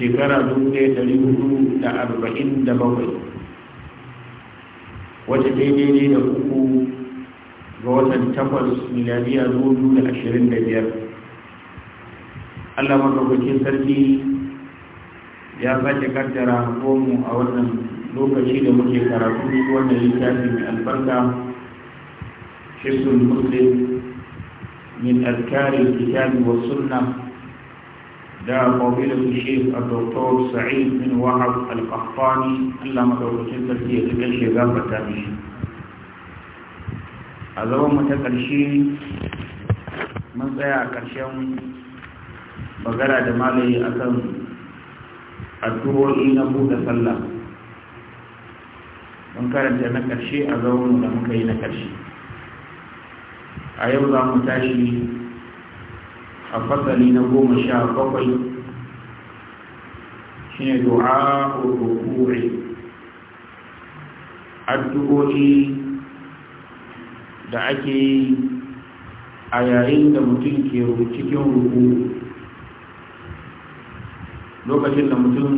shekara bakwai wata daidai ne da uku ga watan takwas miliyariya biyar allah maɗaukakin sarki ya sake kaddara komu a wannan lokaci da muke karatu wannan littafi mai albarka shirkul muslim min alkarin kitabi wa sunna da ƙwabilar shek a doktor sa'id bin wahab al-qahtani allah madaukakin sarki ya cikin shiga fata mishi a zaman mu ta ƙarshe mun a ƙarshen magana da malayi akan addu'o'i na buɗe sallah mun karanta na ƙarshe a zaman da muka yi na ƙarshe a yau za mu tashi a fasali na goma sha bakwai shi ne du'a rukuri addu'o'i da ake yi a yayin da mutum ke cikin ruku lokacin da mutum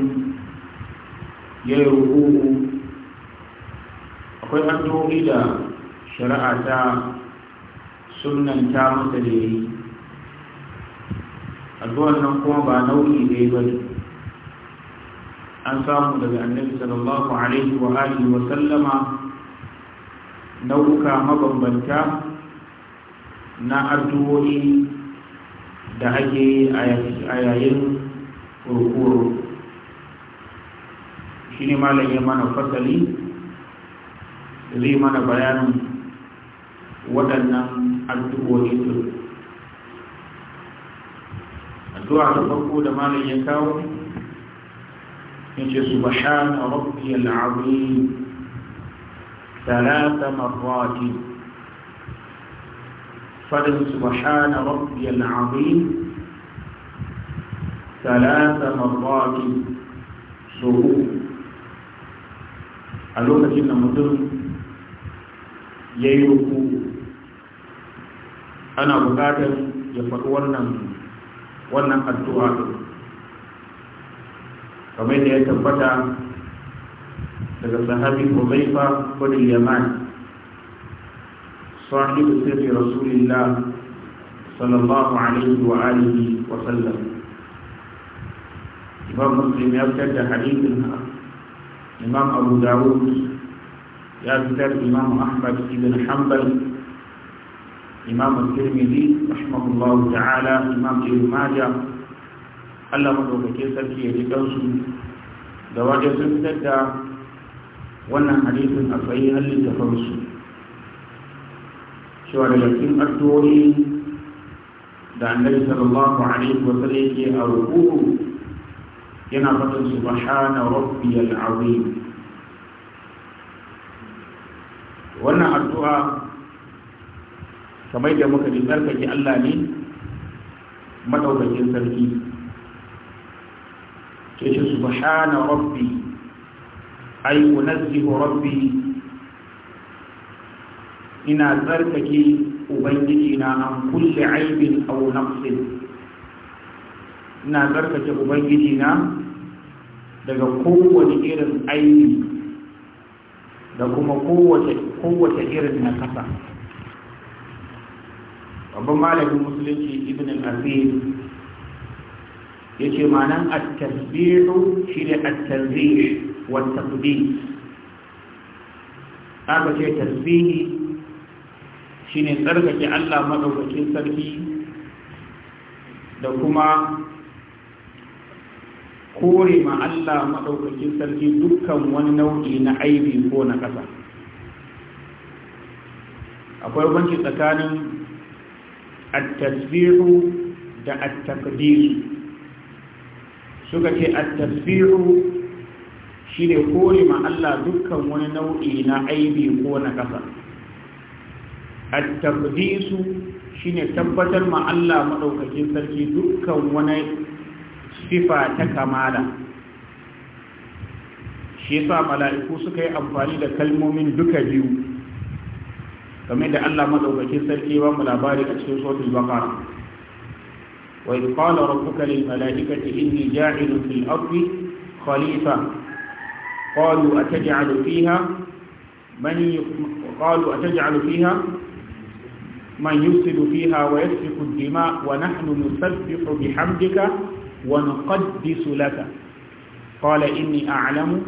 ya yi ruku akwai addu'o'i da shari'a ta sunanta masa da addu'ar nan kuma ba nau'i ne ba ne an samu daga annabi sallallahu alaihi wa alihi wa sallama nau'uka mabambanta na addu'o'i da ake a yayin kurkuru shi ne malam ya mana fasali zai mana bayanin waɗannan addu'o'i addu'a ta farko da malam ya kawo yace subhana rabbiyal azim ثلاث مرات فضل سبحان ربي العظيم ثلاث مرات سهو a lokacin da mutum ya yi ruku ana bukatar ya faɗi wannan wannan addu'a kamar da ya tabbata daga sahabi Hudayfa bin Yaman sahibu sirri Rasulillah sallallahu alaihi wa alihi wa sallam Imam Muslim ya fitar da hadisin Imam Abu Dawud ya fitar Imam Ahmad ibn Hanbal imam al-tirmidhi rahimahullahu ta'ala imam ibn majah Allah madaukakin sarki ya ji kansu da wajen sun fitar da wannan hadisin a tsayi halin da farsu cewa daga cikin addu'o'i da annabi sallallahu alaihi wa sallam yake a ruku'u yana fatan subhana rabbiyal azim wannan addu'a kamar da muka ji tsarkake Allah ne madaukakin sarki ke ce subhana rabbi ay unazzihu rabbi ina tsarkake ubangiji na an kulle aibin aw naqsin ina tsarkake ubangiji na daga kowane irin aibi da kuma kowace irin nakasa babban malamin musulunci ibn al-asir yace ma'anan at-tasbihu shine at-tanzih wa at-taqdis aka ce tasbihi shine tsarkake Allah madaukakin sarki da kuma kore ma Allah madaukakin sarki dukkan wani nau'i na aibi ko na ƙasa akwai banci tsakanin التسبيح da التقدير suka ce at-tasbihu shine kore ma Allah dukkan wani nau'i na aibi ko na ƙasa, at-taqdisu shine tabbatar ma Allah maɗaukakin sarki dukkan wani sifa ta kamala shi yasa mala'iku suka yi amfani da kalmomin duka biyu kamar da Allah madaukakin sarki ba mu labari a cikin suratul baqara wa idh qala rabbuka lil malaikati inni ja'ilun fil ardi khalifa qalu ataj'alu fiha man qalu ataj'alu fiha man yusidu fiha wa yasfiku dima wa nahnu nusabbihu bihamdika wa nuqaddisu laka qala inni a'lamu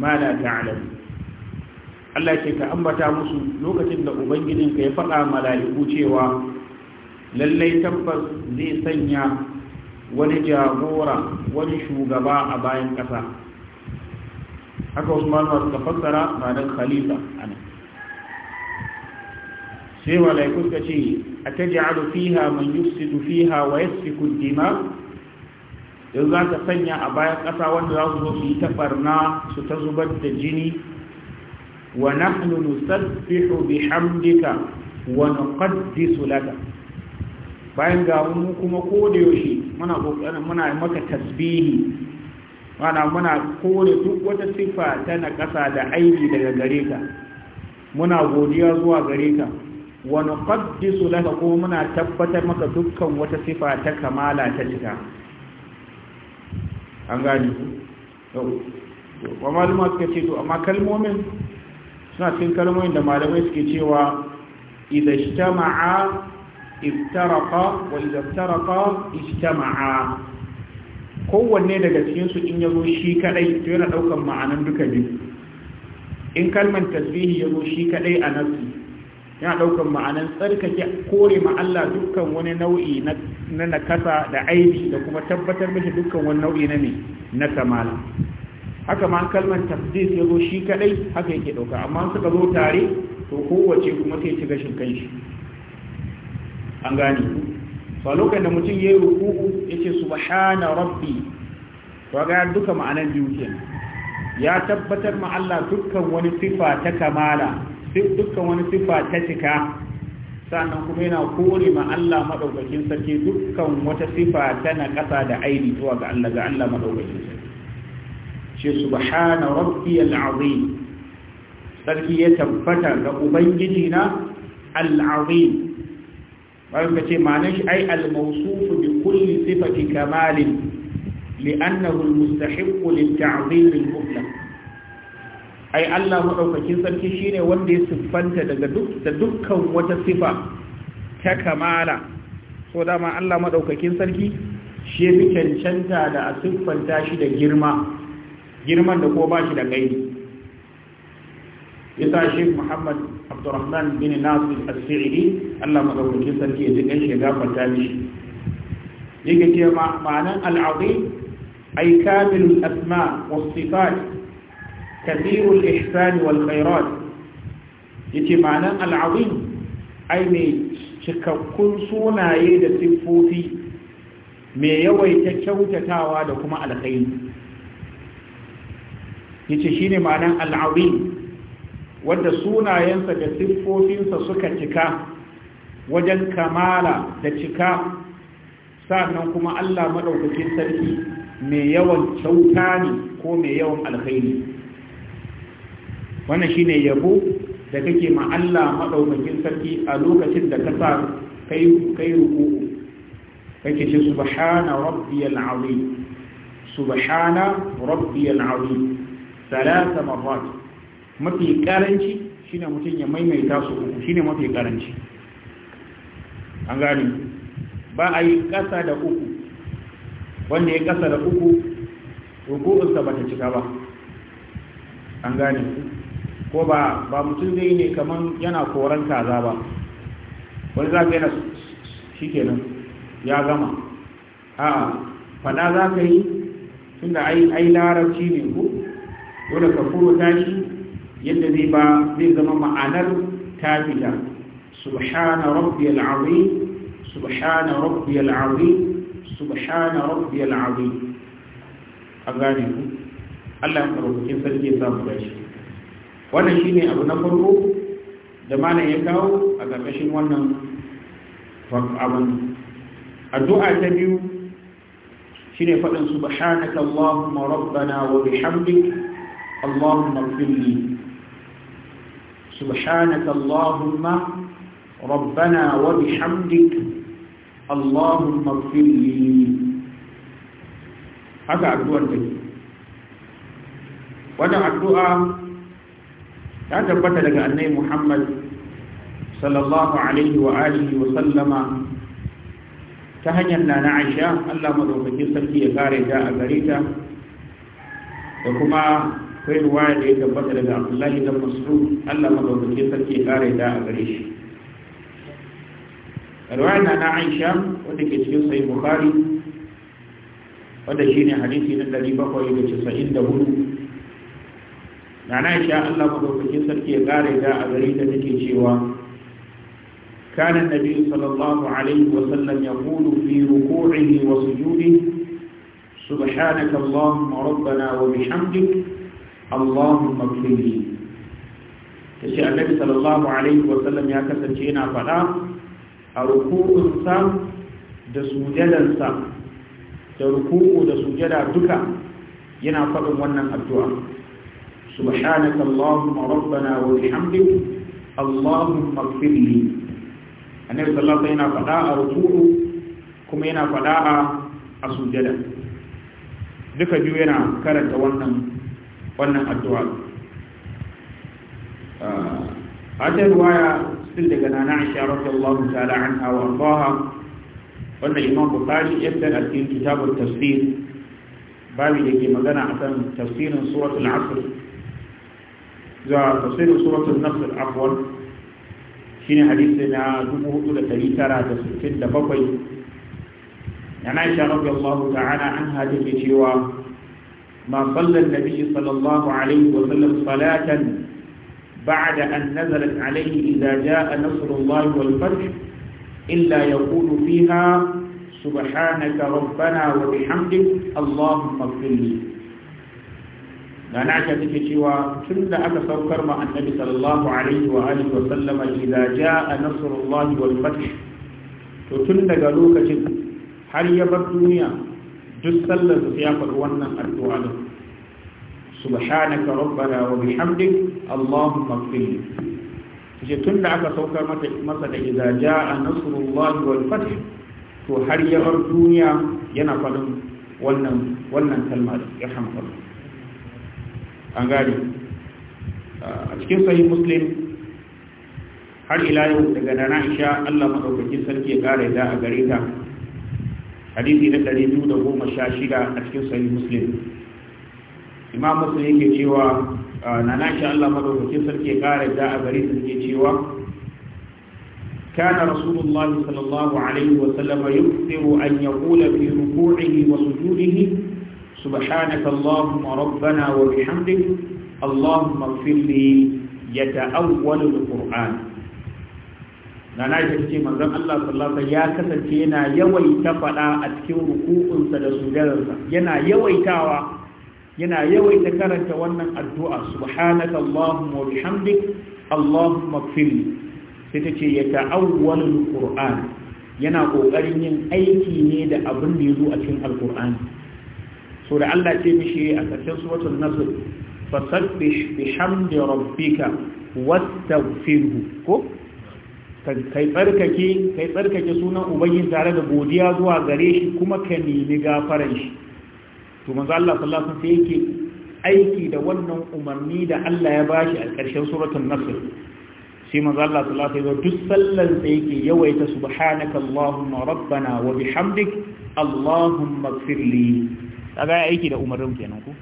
ma la ta'lamu Allah ce ka ambata musu lokacin da ubangijinka ya faɗa mala'iku cewa lallai tabbas zai sanya wani jagora wani shugaba a bayan ƙasa haka usman wasu ka fassara ranar khalifa a nan sai mala'iku suka ce a ta ja'alu fiha man yufsidu fiha wa yasfiku dima yanzu za ka sanya a bayan ƙasa wanda za su zo su yi taɓarna su ta zubar da jini ونحن نسبح بحمدك ونقدس لك bayan ga mu kuma koda yaushe muna kokarin muna maka tasbihi mana muna kore duk wata sifa ta na ƙasa da aini daga gare ka muna godiya zuwa gare ka wa nuqaddisu laka ko muna tabbatar maka dukkan wata sifa ta kamala ta cika an gani to amma malama suka to amma kalmomin suna cikin kalmomin da malamai suke cewa idza ijtama'a iftaraqa wa idza iftaraqa ijtama'a kowanne daga cikinsu in yazo shi kadai to yana daukan ma'anan duka biyu in kalman tasbihi yazo shi kadai a nafsi yana daukan ma'anan tsarkake kore ma Allah dukkan wani nau'i na nakasa da aibi da kuma tabbatar mishi dukkan wani nau'i na ne na kamala haka ma kalmar tafdis ya zo shi kadai haka yake dauka amma suka zo tare to kowace kuma sai ci gashin kanshi an gane to lokacin da mutum yayi ruku'u yace subhana rabbi to ga duka ma'anar biyu kenan ya tabbatar ma Allah dukkan wani sifa ta kamala dukkan wani sifa ta cika sannan kuma yana kore ma Allah madaukakin sarki dukkan wata sifa ta na kasa da aini zuwa ga Allah ga Allah madaukakin sarki ce subhana rabbiyal azim sarki ya tabbata ga ubangiji na al-azim Wannan ka ce ma'anar shi ai al-mawsuf bi kulli sifati kamalin li'annahu al-mustahiq lit-ta'zim al-mutlaq ai Allah madaukakin sarki shine wanda ya siffanta daga duk da dukkan wata sifa ta kamala so dama Allah madaukakin sarki shi ya fi cancanta da a siffanta shi da girma girman da ko ba shi da gaini yasa shi Muhammad Abdurrahman bin Nasir As-Sa'idi Allah madaukakin sarki ya jikan shi gafarta mishi yake ce ma'anan al-azim ay kamilul asma was sifat kathirul ihsan wal khairat yace ma'anan al ay mai cikakkun sunaye da siffofi mai yawaita kyautatawa da kuma alkhairi yace shine ma'anan al wanda sunayensa da siffofinsa suka cika wajen kamala da cika sannan kuma Allah madaukakin sarki mai yawan kyauta ne ko mai yawan alkhairi wannan shine yabo da kake ma Allah madaukakin sarki a lokacin da ka sa kai kai ruku kake ce subhana rabbiyal azim subhana rabbiyal azim salasa marrat mafi karanci shine mutum ya maimaita su uku shine mafi karanci an gani ba a yi kasa da uku wanda ya kasa da uku ruku'unsa ba ta cika ba an gani ko ba ba mutum zai ne kamar yana koran kaza ba wani za ka yana kenan. ya gama a fada za ka yi tunda ai larabci ne ku. dole ka furta shi yadda zai ba zai zama ma'anar ta fita subhana rabbiyal azim subhana rabbiyal azim subhana rabbiyal azim a gane ku Allah ya karɓi sarki ya samu dashi wannan shine abu na farko da malam ya kawo a ƙarƙashin wannan abin addu'a ta biyu shine faɗin subhanaka allahumma rabbana wa bihamdika اللهم اغفر لي سبحانك اللهم ربنا وبحمدك اللهم اغفر لي da addu'a ta tabbata daga annai muhammad sallallahu ta hanyar na na aisha allah maɗaukakin ya a gare ta da kuma akwai ruwaya da ya tabbata daga abdullahi da mas'ud allah madaukake sarki ya kare da a gare shi ruwaya na na aisha wanda ke cikin sahih bukhari wanda shine hadisi na 794 na na aisha allah madaukake sarki ya kare da a gare ta take cewa كان النبي صلى الله عليه وسلم يقول في ركوعه وسجوده سبحانك اللهم ربنا وبحمدك Allahumma kfirli ta ce annabi sallallahu alaihi wasallam ya kasance yana faɗa a ruku'unsa da sujadansa da ruku'u da sujada duka yana faɗin wannan addu'a subhanaka allahumma rabbana wa bihamdik allahumma ighfirli annabi sallallahu alaihi wasallam yana faɗa a ruku'u kuma yana faɗa a sujada duka biyu yana karanta wannan wannan addu'a ah, a ta ruwaya still daga nana aisha radiyallahu ta'ala anha wa ardaha wannan imam bukhari yadda a cikin kitabun tafsir babu da ke magana akan tafsirin suratul asr za tafsirin suratul nasr afwan shine hadisi na 4967 yana aisha radiyallahu ta'ala anha take cewa ما صلى النبي صلى الله عليه وسلم صلاة بعد أن نزلت عليه إذا جاء نصر الله والفتح إلا يقول فيها سبحانك ربنا وبحمدك اللهم اغفر لي لأن عشان تكتشوا كل أكا سوكر مع النبي صلى الله عليه وآله وسلم إذا جاء نصر الله والفتح to tun daga lokacin har ya bar duniya duk sallar su ya faru wannan addu'a din subhanaka rabbana wa bihamdik allahumma ighfir ce tun da aka saukar masa da idza a nasrullahi wal Fatih, to har ya bar duniya yana faɗin wannan wannan kalma ya hamsa an gane a cikin sahih muslim har ila yau daga dana isha Allah madaukakin sarki ya kare da a gare ta hadisi na 216 a cikin sahih muslim imam muslim yake cewa ah, na nashi Allah madaukakin sarki ya ƙara da a gari su yake cewa كان رسول الله صلى الله عليه وسلم يكثر أن يقول في ركوعه وسجوده سبحانك اللهم ربنا وبحمدك اللهم اغفر لي يتأول القرآن na na ce manzon Allah sallallahu alaihi ya kasance yana yawaita faɗa a cikin ruku'unsa da sujadarsa yana yawaitawa yana yawaita karanta wannan addu'a subhanaka allahumma wa bihamdik allahumma sai ta ce ya ta'awwalul qur'an yana kokarin yin aiki ne da abin da yazo a cikin alqur'ani so da Allah ce mishi a ƙarshen suratul nasr fasabbih bihamdi rabbika wastaghfirhu ko kai tsarkake kai tsarkake sunan ubangiji tare da godiya zuwa gare shi kuma ka nemi gafaran shi to manzo Allah sallallahu alaihi wasallam yake aiki da wannan umarni da Allah ya bashi a ƙarshen suratul nasr sai manzo Allah sallallahu alaihi wasallam duk sallan sai yake yawaita subhanaka allahumma rabbana wa bihamdik allahumma ighfirli kaga aiki da umarnin kenan ko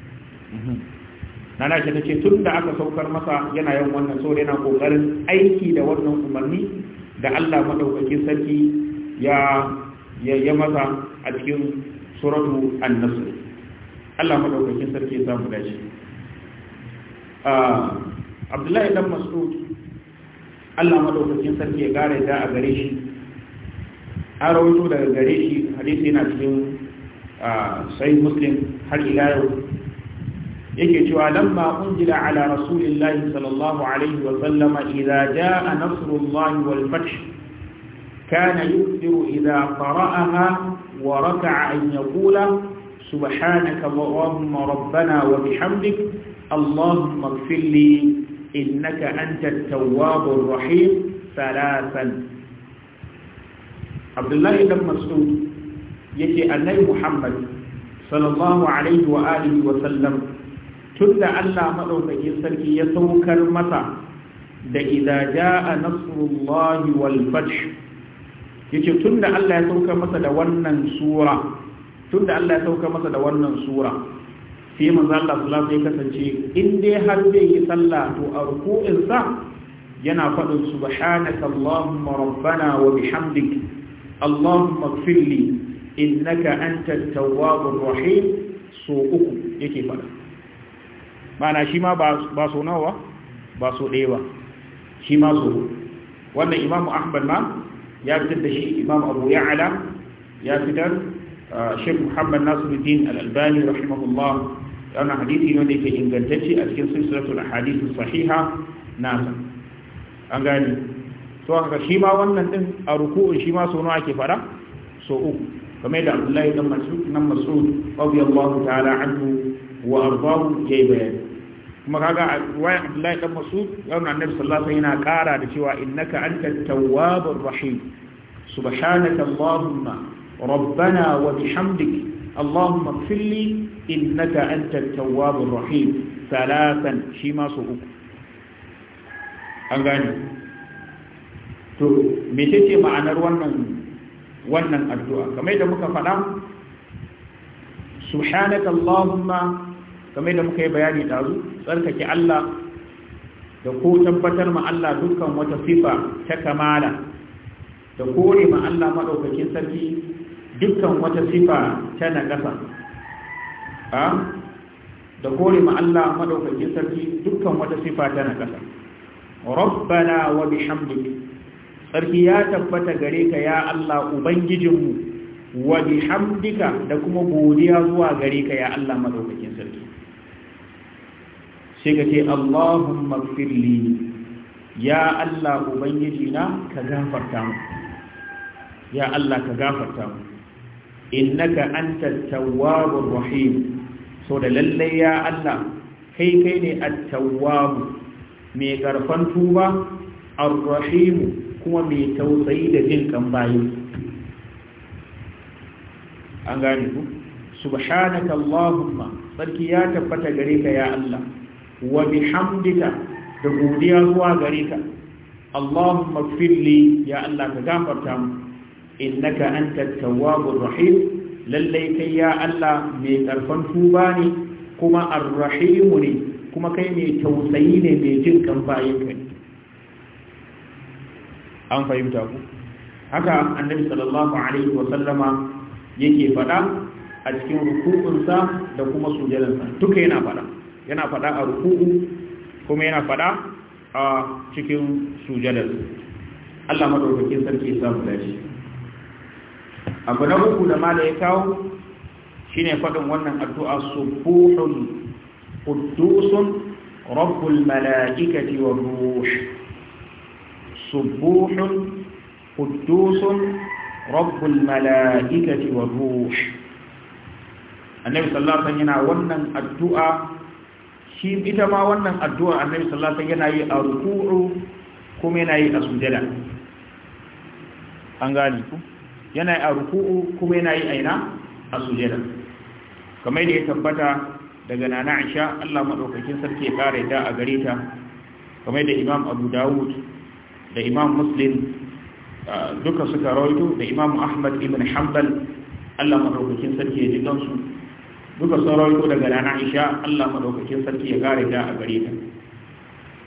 mhm. nana ta ce tun da aka saukar masa yana yin wannan saboda yana kokarin aiki da wannan umarni da Allah madaukakin sarki ya ya masa a cikin suratu an-nasr Allah madaukakin sarki ya samu dace ah, Abdullahi dan Mas'ud Allah madaukakin sarki ya gare da a gare shi an rawaito daga gare shi hadisi yana cikin ah, sai muslim har ila yau yake cewa lamma unzila ala rasulillahi sallallahu alaihi wa sallama idza jaa nasrullahi wal fath kana yukthiru idza qara'aha wa raka'a an yaqula subhanaka allahumma rabbana wa bihamdik allahumma ighfir li innaka antat tawwabur rahim thalathan abdullahi ibn mas'ud yake annabi muhammad sallallahu alaihi wa alihi wa sallam tun da Allah maɗaukakin sarki ya saukar masa da idza jaa nasrullahi wal fath yace tun da Allah ya saukar masa da wannan sura tun da Allah ya saukar masa da wannan sura sai manzo Allah sallallahu alaihi kasance Inda ya harbe zai yi sallah to a ruku'in sa yana faɗin subhanaka allahumma rabbana wa bihamdik allahumma ighfirli innaka antat tawwabur rahim so uku yake faɗa mana shi ma ba so nawa ba so ɗaya ba shi ma so wannan imamu ahmad ma ya fitar da shi imamu abu ala ya fitar ah, shek muhammad nasiruddin al-albani rahimahullah wannan hadisi ne wanda yake ingantacce a cikin silsilatul hadisi sahiha nasa an gani to haka shi ma wannan din a ruku'un shi ma so nawa ke fara so uku game da abdullahi dan masud nan masud radiyallahu ta'ala anhu wa ardahu yayi bayani kuma kaga wayan abdullahi dan masud yana annabi sallallahu alaihi yana kara da cewa innaka antat tawwabur rahim subhanaka allahumma rabbana wa bihamdik اللهم اغفر لي إنك أنت التواب الرحيم ثلاثا شيما سوء أغاني to mecece ma'anar wannan wannan addu'a kamar da muka faɗa subhanaka allahumma kamar da muka yi bayani dazu tsarkake Allah da ko tabbatar ma Allah dukkan wata sifa ta kamala da kore ma Allah madaukakin sarki dukkan wata sifa ta nagasa a da kore ma Allah madaukakin sarki dukkan wata sifa ta nagasa rabbana wa bihamdika sarki ya tabbata gare ka ya Allah ubangijinmu wa bihamdika da kuma godiya zuwa gare ka ya Allah madaukakin sarki sai ka ce Allahumma firli ya Allah ubangijina ka gafarta mu ya Allah ka gafarta mu innaka antat tawwabur rahim so da lalle ya Allah kai kai ne at-tawwab mai karfan tuba ar-rahim kuma mai tausayi da jin kan bayi an gane ku subhanaka allahumma sarki ya tabbata gare ka ya Allah wa bihamdika da godiya zuwa gare ka allahumma firli ya Allah ka gafarta mu innaka antat tawwabur rahim lallai kai ya Allah mai karfan tuba ne kuma arrahimu ne kuma kai mai tausayi ne mai jin kan bayin ka ne an fahimta ku haka annabi sallallahu alaihi wa sallama yake faɗa a cikin rukunsa da kuma sujadansa duka yana faɗa yana faɗa a ruku'u kuma yana faɗa a cikin sujadansa Allah madaukakin sarki ya samu dace abu na uku da mala ya kawo shine faɗin wannan addu'a subuhun quddusun rabbul mala'ikati wa ruh سبوح قدوس رب الملائكة والروح النبي صلى الله yana wannan addu'a shi ita ma wannan addu'a annabi sallallahu yana yi a ruku'u kuma yana yi a sujada an yana yi a ruku'u kuma yana yi a sujada kamar da ya tabbata daga nana Aisha Allah madaukakin sarki ya kare ta a gare ta kamar da Imam Abu Dawud da imam muslim uh, duka suka rawaito da imam ahmad ibn hanbal Allah madaukakin sarki ya ji gansu duka sun rawaito daga rana isha Allah madaukakin sarki ya kare ta a gare ta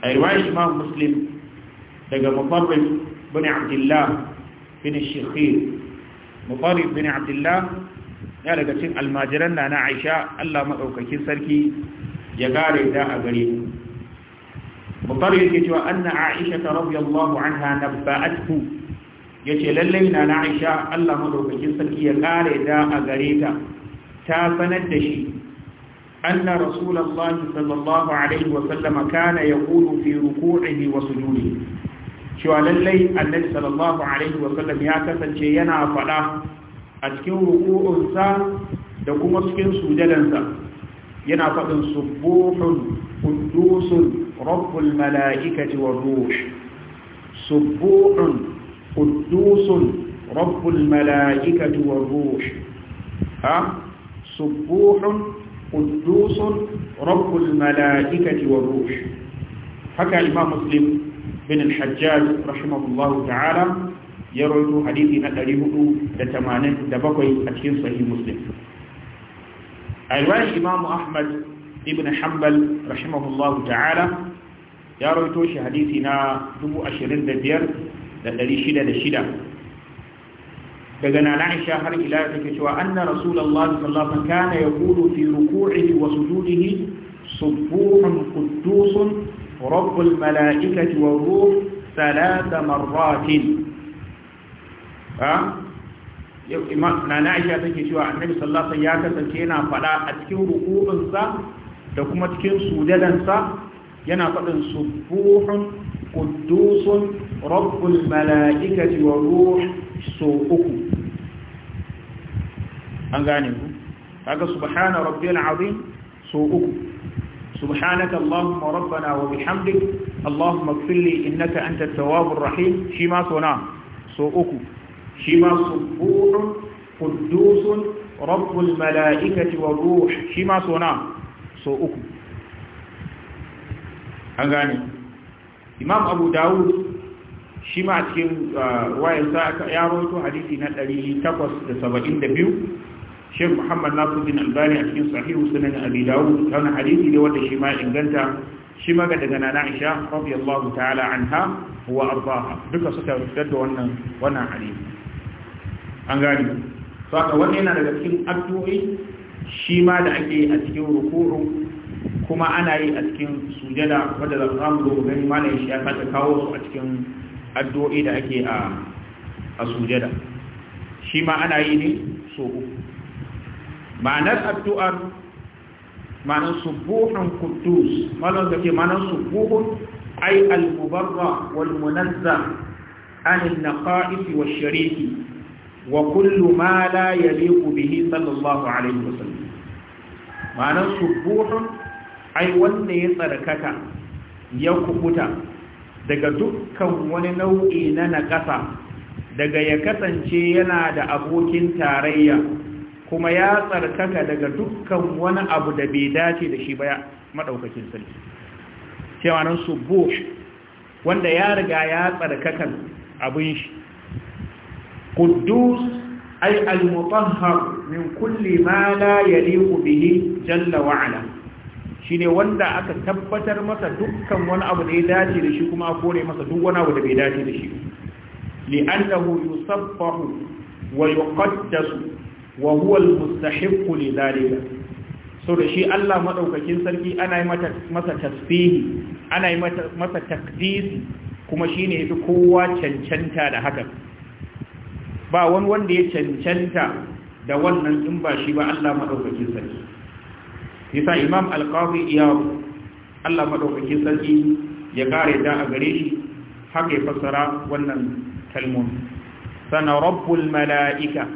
a riwayar imam muslim daga mufarrid bin abdullah bin shikhir mufarrid bin abdullah ya daga cikin almajiran na na aisha Allah madaukakin sarki ya kare ta a gare ta mutar yake cewa anna aisha ta radiyallahu anha nabba'athu yace lallai na aisha Allah madaukakin sarki ya kare da a gare ta ta sanar da shi anna rasulullahi sallallahu alaihi wa sallam kana yaqulu fi ruku'ihi wa sujudihi cewa lallai annabi sallallahu alaihi wa sallam ya kasance yana fada a cikin ruku'unsa da kuma cikin sujadansa yana faɗin subuhun kudusun رب الملائكة والروح سبوع قدوس رب الملائكة والروح ها سبوح قدوس رب الملائكة والروح حكى الإمام مسلم بن الحجاج رحمه الله تعالى يروي حديث نقل لتمانين دبقوا أتكين صحيح مسلم الوان الإمام أحمد ibn hanbal rahimahullahu ta'ala ya rawaito shi hadisi na 25666 daga nana aisha har ila take cewa anna rasulullahi sallallahu alaihi kana yaqulu fi ruku'ihi wa sujudihi subuhun quddusun rabbul mala'ikati wa ruh na na aisha take cewa annabi sallallahu alaihi wasallam ya kasance yana fada a cikin rukunsa da kuma cikin sujadansa yana faɗin subuhun quddusun rabbul mala'ikati wa ruh so uku an gane ku kaga subhana rabbil azim so uku سبحانك اللهم ربنا وبحمدك اللهم اغفر لي انك انت التواب الرحيم شيما سونا سو اكو شيما سبوح قدوس رب الملائكه والروح شيما سونا so uku an gane imam abu dawud shi ma a cikin uh, aka ya rawaito hadisi na 872 shi muhammad bin albani a cikin sahihu sunan abu dawud wannan hadisi ne wanda shi ma inganta shi ma daga nana aisha allah ta'ala anha wa abaha duka suka fitar da wannan wannan hadisi an gane saka wannan yana daga cikin addu'o'i shi ma da ake a cikin ruku'u kuma ana yi a cikin sujada wadda za mu zo gani mana shi ya sake kawo su a cikin addu'o'i da ake a sujada shi ma ana yi ne so uku ma'anar addu'ar ma'anar subuhan kudus malam da ke ma'anar subuhun ai al-mubarra wal munazza an al-naqa'is wa shariki wa kullu ma la yaliqu bihi sallallahu alaihi wasallam ma'anar subuhun ai wanda ya tsarkaka ya kukuta daga dukkan wani nau'i na nakasa, daga ya kasance yana da abokin tarayya kuma ya tsarkaka daga dukkan wani abu da bai dace da shi ba madaukakin sarki cewa nan subuh wanda ya riga ya tsarkakan abin shi قدوس أي المطهر من كل ما لا يليق به جل وعلا shine wanda aka tabbatar masa dukkan wani abu da ya dace da shi kuma a kore masa duk wani abu da bai dace da shi li'annahu yusaffahu wa yuqaddasu wa huwa al-mustahiq li dhalika so da shi Allah madaukakin sarki ana yi mata masa tasbihi ana yi mata masa takdisi kuma shine yafi kowa cancanta da hakan ba wani wanda ya cancanta da wannan in ba shi ba Allah maɗaukakin sarki yasa imam al-qadi Allah maɗaukakin sarki ya kare da a gare shi haka ya fassara wannan kalmomi sana rabbul mala'ika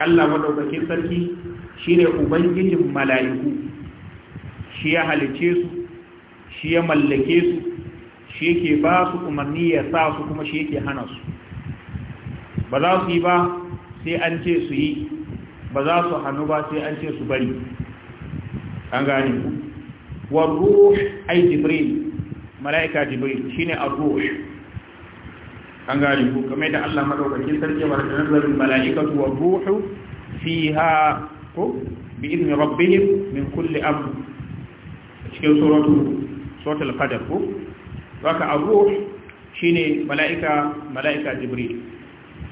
Allah maɗaukakin sarki shine ubangijin mala'iku shi ya halice su shi ya mallake su shi yake ba su umarni ya sa su kuma shi yake hana su ba za su yi ba sai an ce su yi ba za su hannu ba sai an ce su bari an gani wa ruh ay jibril malaika jibril shine ar-ruh an gani ku kamar da Allah madaukakin sarki wa nazarin malaikatu wa fi fiha ku bi idni rabbihim min kulli amr cikin suratu suratul qadar ko haka ar-ruh shine malaika malaika jibril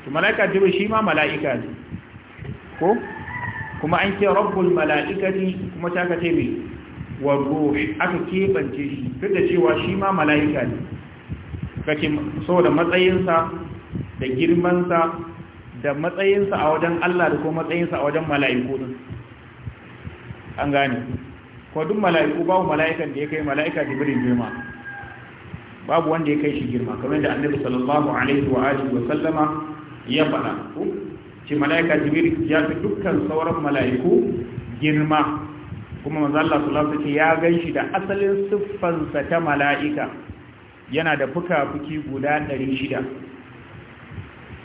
to mala'ika jibril shi ma mala'ika ne ko kuma an ce rabbul mala'ikati kuma ta ka ce me wa ruh aka kebance shi duk da cewa shi ma mala'ika ne kace saboda matsayinsa da girmansa da matsayinsa a wajen Allah da kuma matsayinsa a wajen mala'iku din an gane ko duk mala'iku babu mala'ikan da ya kai mala'ika jibril girma babu wanda ya kai shi girma kamar da annabi sallallahu alaihi wa alihi wa sallama ya faɗa ku ce mala'ika jibril ya fi dukkan sauran mala'iku girma kuma mazalla Allah sallallahu alaihi ya ganshi da asalin siffansa ta mala'ika yana da fuka-fuki guda 600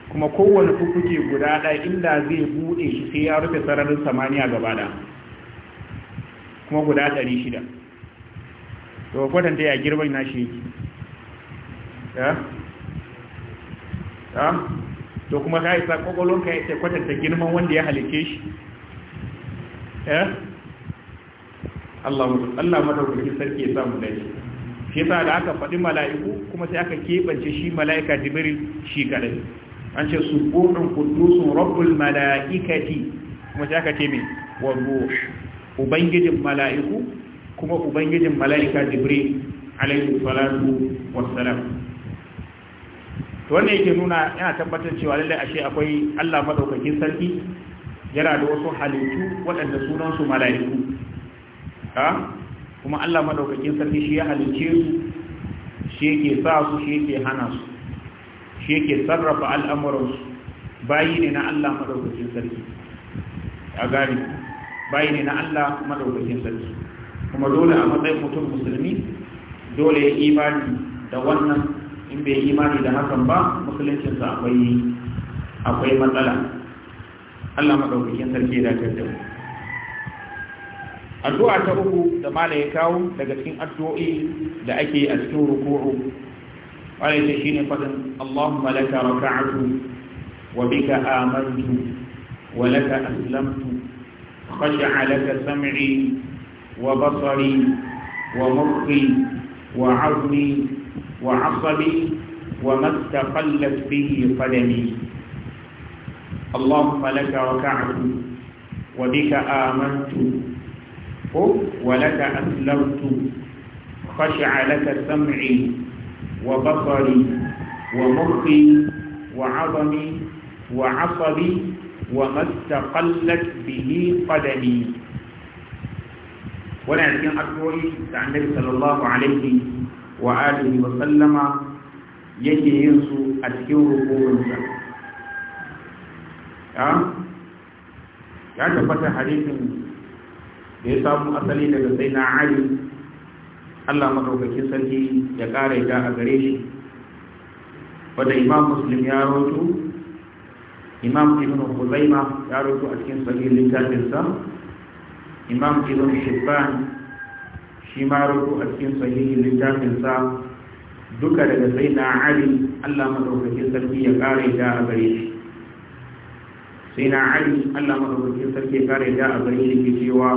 kuma kowane fuka-fuki guda ɗaya inda zai buɗe shi sai ya rufe sararin samaniya gaba da kuma guda 600 to kwatanta ya girbin nashi ya? ya? to kuma ka isa kwakwalonka ya ce kwatanta girman wanda ya halike shi eh Allah madaukakin sarki ya samu dace shi sa da aka faɗi mala'iku kuma sai aka keɓance shi mala'ika jibril shi kadai an ce su subuhun sun rabbul mala'ikati kuma sai aka ce me wa ubangijin mala'iku kuma ubangijin mala'ika jibril alaihi salatu wassalam to wannan yake nuna yana tabbatar cewa lallai ashe akwai Allah madaukakin sarki yana da wasu halittu waɗanda sunan su mala'iku ha kuma Allah madaukakin sarki shi ya halice su shi yake sa su shi yake hana su shi yake sarrafa al'amuran su bayi ne na Allah madaukakin sarki a gani bayi ne na Allah madaukakin sarki kuma dole a matsayin mutum musulmi dole ya imani da wannan in bai imani da hakan ba musuluncinsa akwai akwai matsala Allah maɗaukakin sarki da ta da addu'a ta uku da mala ya kawo daga cikin addu'o'i da ake a cikin ruku'u wala ta shine fadin Allahumma laka raka'atu wa bika amantu wa laka aslamtu khasha'a laka sam'i wa basari wa mukhi wa 'azmi وعصبي وما استقلت به قدمي اللهم لك ركعت وبك آمنت ولك أسلمت خشع لك سمعي وبصري ومخي وعظمي وعصبي وما استقلت به قدمي ولكن أكبر عن النبي صلى الله عليه wa alihi wa sallama yake yin su a cikin rukuninsa. ya tabbata hadisin da ya samu asali daga sai na ali Allah madaukakin sarki ya kare da a gare shi wanda imam muslim ya roto imam ibn huzaima ya roto a cikin sahih littafinsa imam ibn shibban shi ma rubu a cikin littafinsa duka daga sai na ali allah maɗaukakin sarki ya kare da a gare shi sai na ali allah maɗaukakin sarki ya ƙare da a gare shi ke cewa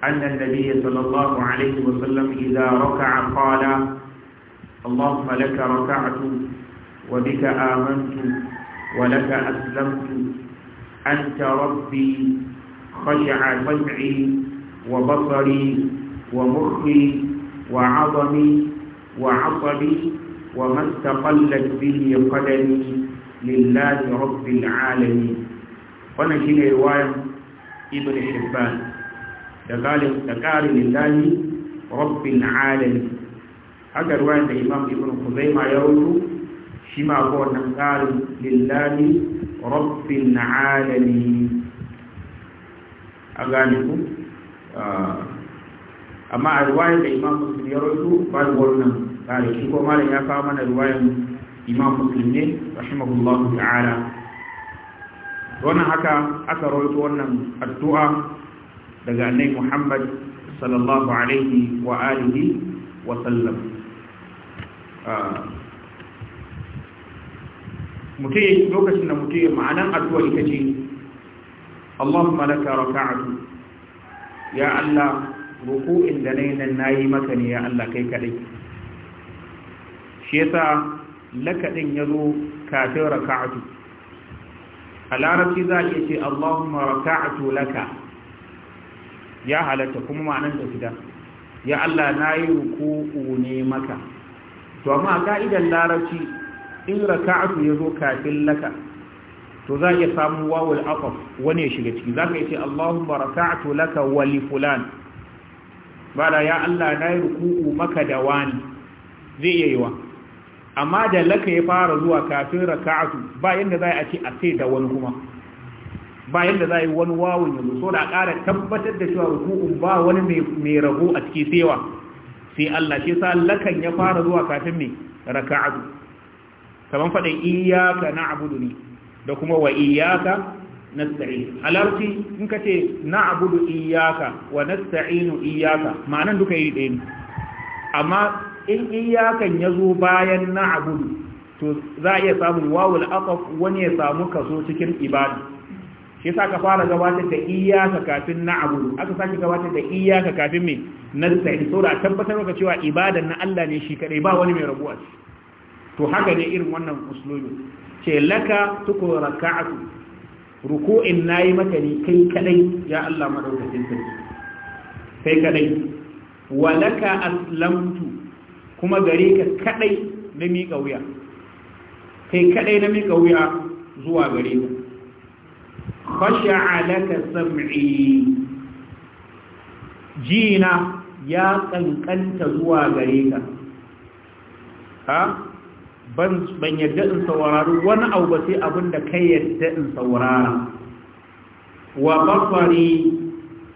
أن النبي صلى الله عليه وسلم إذا ركع قال اللهم wa ركعت وبك آمنت ولك أسلمت أنت ربي خشع سمعي وبصري ومخي وعظمي wa وما استقلت به قدمي لله رب العالمين wannan shine riwayar ibn hibban da galib da qari lillahi rabbil alamin haka riwayar da imam ibn khuzaimah ya rubuta shi ma ko wannan qari lillahi rabbil alamin a gane ku amma a ruwayar da imam muslim ya rawaito babu wannan tare shi ko malam ya kawo mana ruwayar imam muslim ne rahimahullahu ta'ala wannan haka aka rawaito wannan addu'a daga annabi Muhammad sallallahu alaihi wa alihi wa sallam ah, mutum lokacin da mutum ma'anan addu'a ita ce Allahumma laka raka'atu ya Allah ruku'in da na yi nan na yi maka ne ya Allah kai kaɗai shi yasa lakaɗin ya zo kafin raka'atu a larabci za a iya ce Allahumma raka'atu laka ya halatta kuma ma'anar da fita ya Allah na yi ruku'u ne maka to amma ka'idan larabci in raka'atu ya zo kafin laka to za iya samu wawul aqaf wani ya shiga ciki za ka iya ce Allahumma raka'atu laka wali fulan bala ya Allah na yi ruku'u maka da wani zai iya yiwa amma da laka ya fara zuwa kafin raka'atu ba yadda za a ce a sai da wani kuma ba yadda za a yi wani wawon yanzu so da ƙara tabbatar da cewa ruku'u ba wani mai rago a cikin sewa sai Allah shi sa lakan ya fara zuwa kafin mai raka'atu kamar faɗin iyaka na abu ne da kuma wa iyaka nasta'in a in kace ce na'budu iyyaka wa nasta'inu iyyaka ma'anan duka iri ɗaya amma in iyyakan ya zo bayan na'budu to za a iya samun wawul aqaf wani ya samu kaso cikin ibada shi yasa ka fara gabatar da iyyaka kafin na'budu aka saki gabatar da iyyaka kafin me nasta'in saboda a tabbatar maka cewa ibadan na Allah ne shi kadai ba wani mai rabuwa to haka ne irin wannan uslubi ce laka tuku raka'atu ruku'in nayi maka ne kai kadai ya Allah madaukakin sarki kai kadai walaka aslamtu kuma gare ka kadai na miƙa wuya kai kadai na miƙa wuya zuwa gare ka khasha'a laka sam'i jina ya kankanta zuwa gare ka ha ban yadda in saurari wani abu ba sai abin da kai yadda in saurara wa bakwari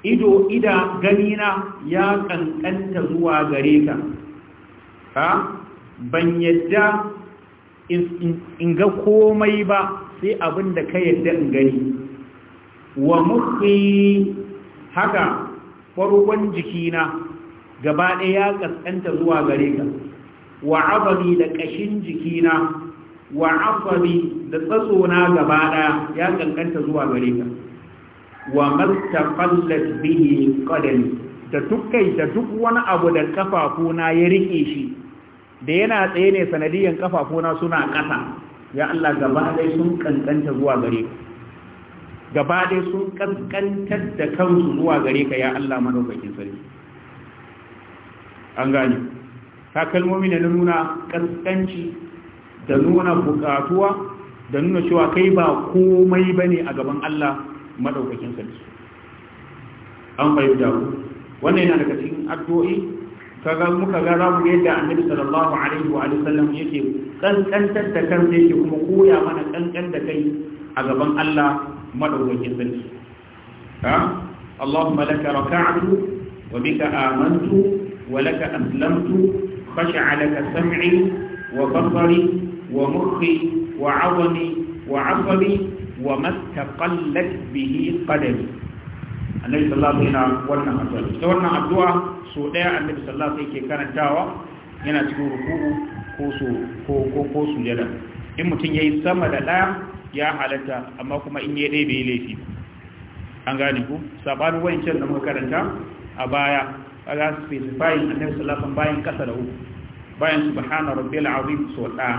ido ida ganina ya kankanta zuwa gare ka ban yadda in ga komai ba sai abin da ka yadda in gani wa muhi haka farkon jikina gaba ɗaya ya kankanta zuwa gare ka wa azami da kashin jikina wa azami da tsatsona gaba daya ya kankanta zuwa gare ka wa mastaqallat bihi qadami da dukkai da duk wani abu da kafafuna ya rike shi da yana tsaye ne sanadiyan kafafuna suna ƙasa ya Allah gaba dai sun kankanta zuwa gare ka gaba dai sun kankantar da kansu zuwa gare ka ya Allah madaukakin sarki an gani ka kalmomi ne na nuna kaskanci da nuna buƙatuwa, da nuna cewa kai ba komai ba ne a gaban Allah madaukakin sarki an fahimta ku wannan yana daga cikin addu'o'i kaga muka ga rabu yadda annabi sallallahu alaihi wa sallam yake kankantar da kansa yake kuma koya mana kankan da kai a gaban Allah madaukakin sarki ha Allahumma laka raka'tu wa bika amantu wa laka aslamtu فجعل سمعي وبصري ومخي وعظمي وعصبي وما استقلت به قدمي annabi sallallahu alaihi wasallam wannan addu'a ita wannan addu'a so daya annabi sallallahu alaihi yake karantawa yana cikin ruku'u ko su ko ko ko sujada in mutun yayi sama da daya ya halatta amma kuma in yayi dai bai laifi an gane ku sabanin wancan da muka karanta a baya kaga specify annabi sallallahu alaihi bayan kasa da uku bayan subhana rabbil azim so daya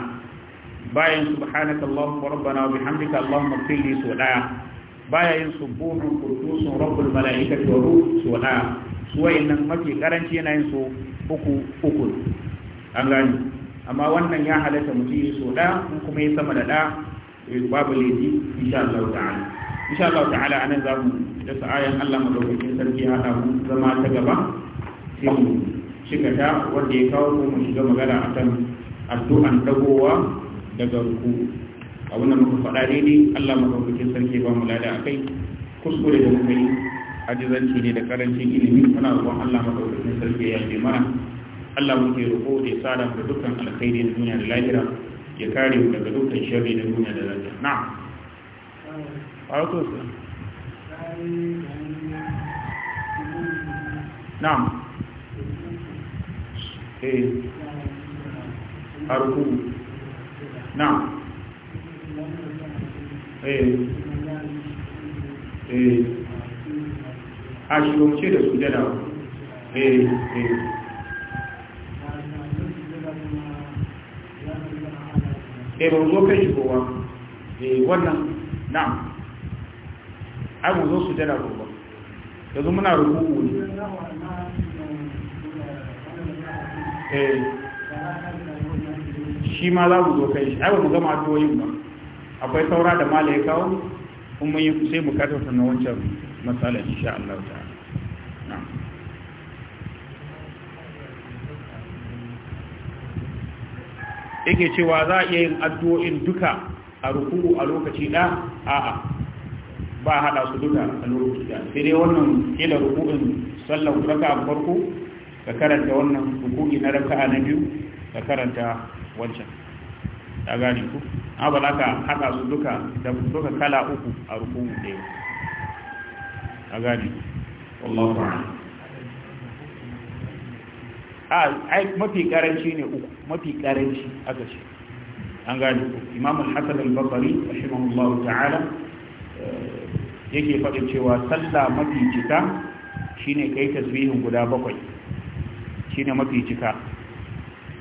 bayan subhanaka allahumma rabbana wa bihamdika allahumma ighfirli so daya bayan subuhun qudusun rabbul malaikati wa ruh so daya su wayannan mafi karanci yana yin so uku uku an gani amma wannan ya halatta mutum yi so daya kuma ya sama da da eh, babu laifi insha Allah ta'ala insha Allah ta'ala anan za zamu da sa'ayan Allah madaukakin sarki hada mu zama ta gaba sai mu wanda ya kawo ko mu shiga magana akan addu'an dagowa daga ruku a wannan muka faɗa daidai Allah maɗaukakin sarki ba mu lada akai kuskure da muka yi ajizanci ne da karancin ilimi muna roƙon Allah maɗaukakin sarki ya ce mana Allah muke roƙo da ya sada da dukkan alkhairi na duniya da lahira ya kare mu daga dukkan sharri na duniya da lahira na'am alaikum na'am eh arku na eh eh a shirumce da sujada eh eh eh ba e, e. E, zo kai shigowa eh wannan na ai mu zo sujada gobe yanzu muna rukuku ne Eh. shi ma za mu zo kai shi aiwa mu gama addu'o'in ba akwai saura da mala ya kawo kuma mun yi sai mu karanta na wancan matsala insha Allah ta yake cewa za a iya yin addu'o'in duka a ruku a lokaci da? a'a ba a haɗa su duka a lokaci da. sai dai wannan da ruku'in sallar raka a farko ka karanta wannan ruku'i na raka'a na biyu ka karanta wancan ta gani ku amma ba za ka haɗa su duka da duka kala uku a ruku'u ɗaya ta gani wallahu a'lam ai mafi karanci ne uku mafi karanci aka ce an gani ku imam al-hasan al-basri rahimahullah ta'ala eh, yake faɗin cewa sallah mafi cika shine kai tasbihin guda bakwai shine mafi cika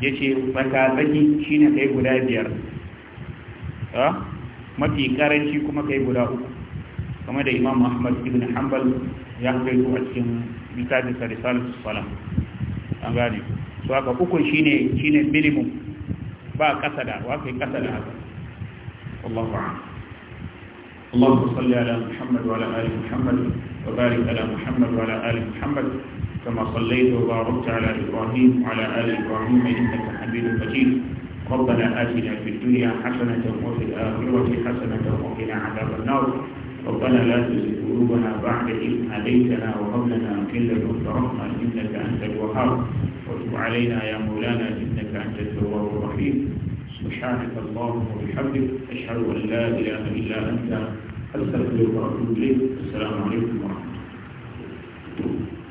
yace tsakatsaki shine kai guda biyar ah, mafi karanci kuma kai guda uku kuma da imam ahmad ibn hanbal ya kai a cikin misali sarisal salam an gane su haka uku shine shine minimum ba kasa da wa kai kasa da haka wallahu a'lam اللهم صل على محمد وعلى ال محمد ala muhammad wa ala ال muhammad. كما صليت وباركت على إبراهيم وعلى آل إبراهيم إنك حميد مجيد ربنا آتنا في الدنيا حسنة وفي الآخرة حسنة وقنا عذاب النار ربنا لا تزغ قلوبنا بعد إذ هديتنا وهب لنا من لدنك رحمة إنك أنت الوهاب وتب علينا يا مولانا إنك أنت التواب الرحيم سبحانك اللهم وبحمدك أشهد أن لا إله إلا أنت أستغفرك وأتوب إليك السلام عليكم ورحمة الله